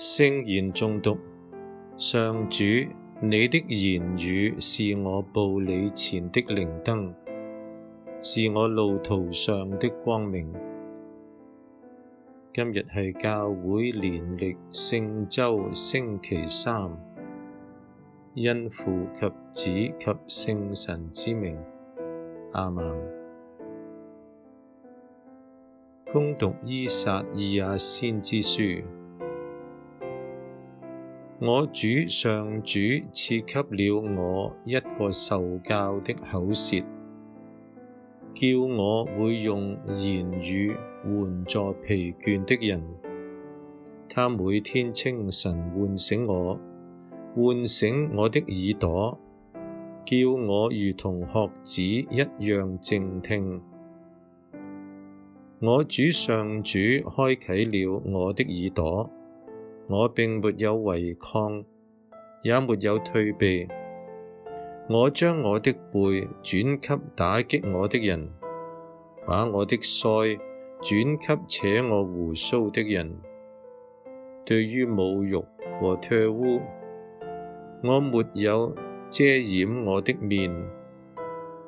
聖言誦讀。上主，你的言語是我步履前的靈燈，是我路途上的光明。今日係教會年曆聖周星期三，因父及子及聖神之名，阿門。恭讀依撒意亞先知之書。我主上主賜給了我一個受教的口舌，叫我會用言語援助疲倦的人。他每天清晨喚醒我，喚醒我的耳朵，叫我如同學子一樣靜聽。我主上主開啟了我的耳朵。我並沒有違抗，也沒有退避。我將我的背轉給打擊我的人，把我的腮轉給扯我鬍鬚的人。對於侮辱和唾污，我沒有遮掩我的面，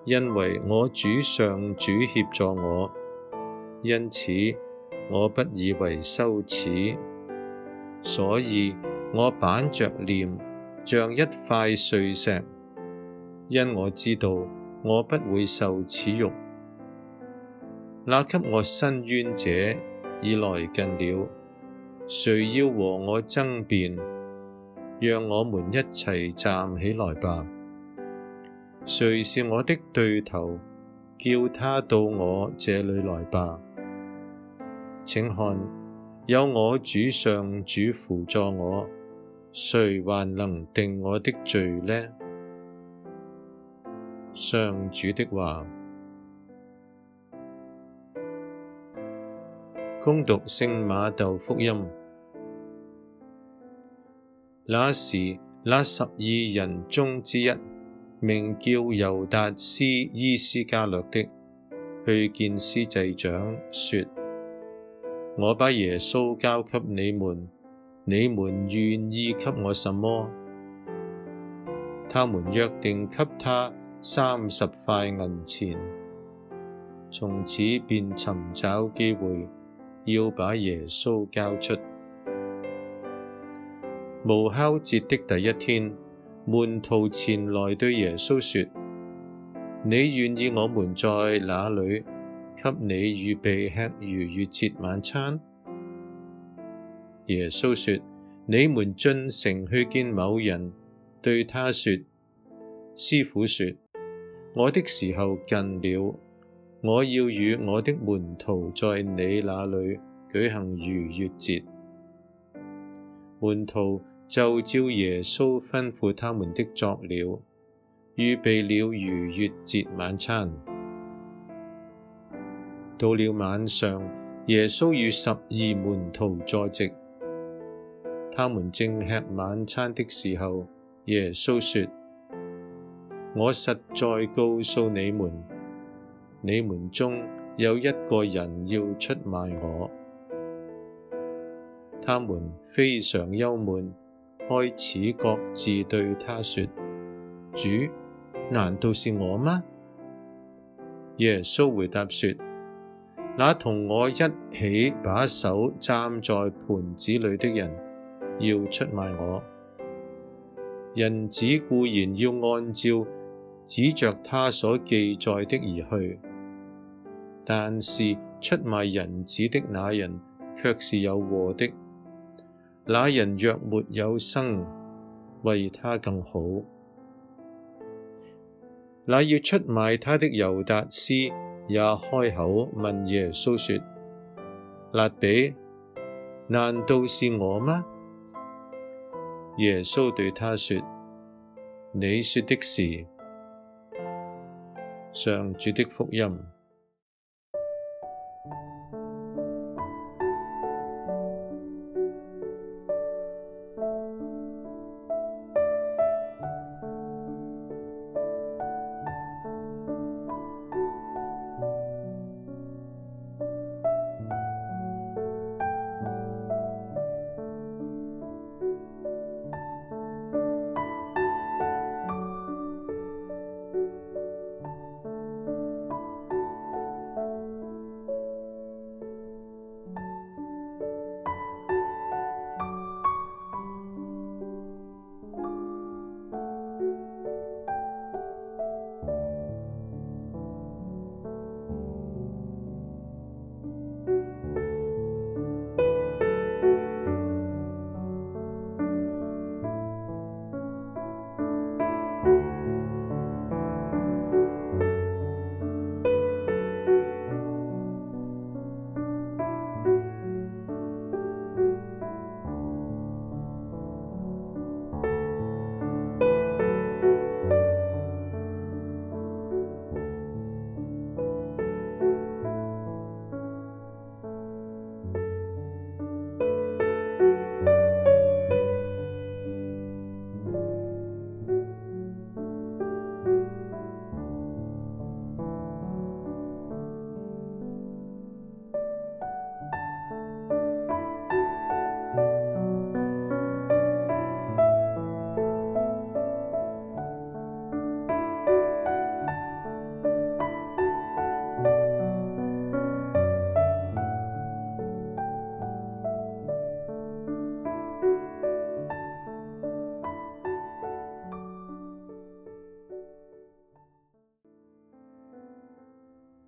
因為我主上主協助我，因此我不以為羞恥。所以我板着臉，像一塊燧石，因我知道我不會受恥辱。那給我伸冤者已來近了，誰要和我爭辯？讓我們一齊站起來吧！誰是我的對頭？叫他到我這裏來吧！請看。有我主上主扶助我，誰還能定我的罪呢？上主的話。恭讀聖瑪竇福音。那時，那十二人中之一，名叫猶達斯·伊斯加略的，去見司祭長，說。我把耶穌交給你們，你們願意給我什麼？他們約定給他三十塊銀錢，從此便尋找機會要把耶穌交出。無酵節的第一天，門徒前來對耶穌說：你願意我們在哪裏？給你預備吃逾越節晚餐。耶穌說：你們進城去見某人，對他說：師傅說，我的時候近了，我要與我的門徒在你那裏舉行逾越節。門徒就照耶穌吩咐他們的作了，預備了逾越節晚餐。到了晚上，耶穌與十二門徒坐席，他們正吃晚餐的時候，耶穌說：我實在告訴你們，你們中有一個人要出賣我。他們非常憂悶，開始各自對他說：主，難道是我嗎？耶穌回答說。那同我一起把手蘸在盤子裏的人，要出賣我，人子固然要按照指着他所記載的而去，但是出賣人子的那人卻是有禍的。那人若沒有生，為他更好。那要出賣他的猶達斯，也開口問耶穌說：辣彼，難道是我嗎？耶穌對他說：你說的是。上主的福音。